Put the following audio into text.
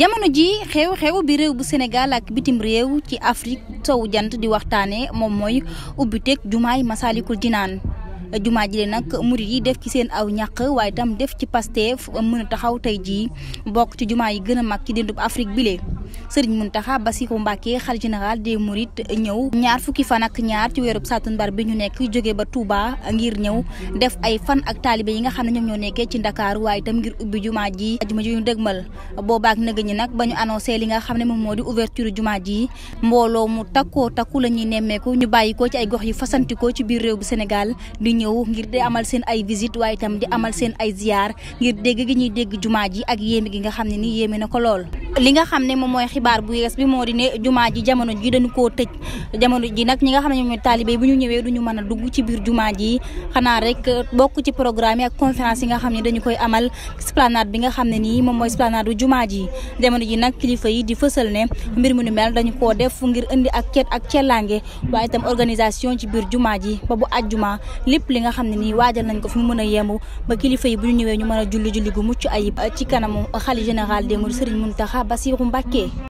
jamono ji xew-xew bi réew bu Sénégal ak bitim réew ci Afrique sowu jant di waxtaanee moom mooy ubbiteeg jumaay Masaalikul Jinaan jumaa ji leen nag murit yi def ci seen aw ñàq waaye tam def ci Pastef mën a taxaw tey jii bokk ci jumaa yi gën a mag ci dendub Afrique bile. sëriñ Mountakha Bassirou Mbacké xal général des Mourides ñëw ñaar fukki fan ak ñaar ci weerub satunbar bi ñu nekk jóge ba Touba ngir ñëw def ay fan ak taalibe yi nga xam ne ñoom ñoo nekkee ci Ndakaaru waaye itam ngir ubbi jumaa ji ajuma ji ñu dëgmal boobaak nëg ñi nag ba ñu annoncé li nga xam ne moom moo di ouverture jumaa ji mbooloo mu takkoo takku la ñuy nemmeeku ñu bàyyi ko ci ay gox yi fasantikoo ci biir réew bu Sénégal di ñëw ngir di amal seen ay visite waaye itam di amal seen ay ziar ngir dégg gi ñuy dégg jumaa ji ak yéeme gi nga xam ne ni yéeme na ko lool li nga xam ne moom mooy xibaar bu yees bi moo di ne jumaa ji jamono ji dañu koo tëj jamono ji nag ñi nga xam ne ñoom taalibe bu ñu ñëwee duñu mën a ci biir jumaa ji xanaa rek bokk ci programme ak conférence yi nga xam ne dañu koy amal esplanade bi nga xam ne nii moom mooy esplanade bu jumaa ji jamono ji nag kilifa yi di fësal ne mbir mu nu mel dañu koo def ngir indi ak ak cellange waaye itam organisation ci biir jumaa ji ba bu ajjuma lépp li nga xam ne nii waajal nañ ko fi mu mën a yemb ba kilifa yi bu ñu ñëwee ñu mën a julli julli gu mucc ayib ci kanamu xali général des mourides Serigne Mountakha Bassirou Mbacké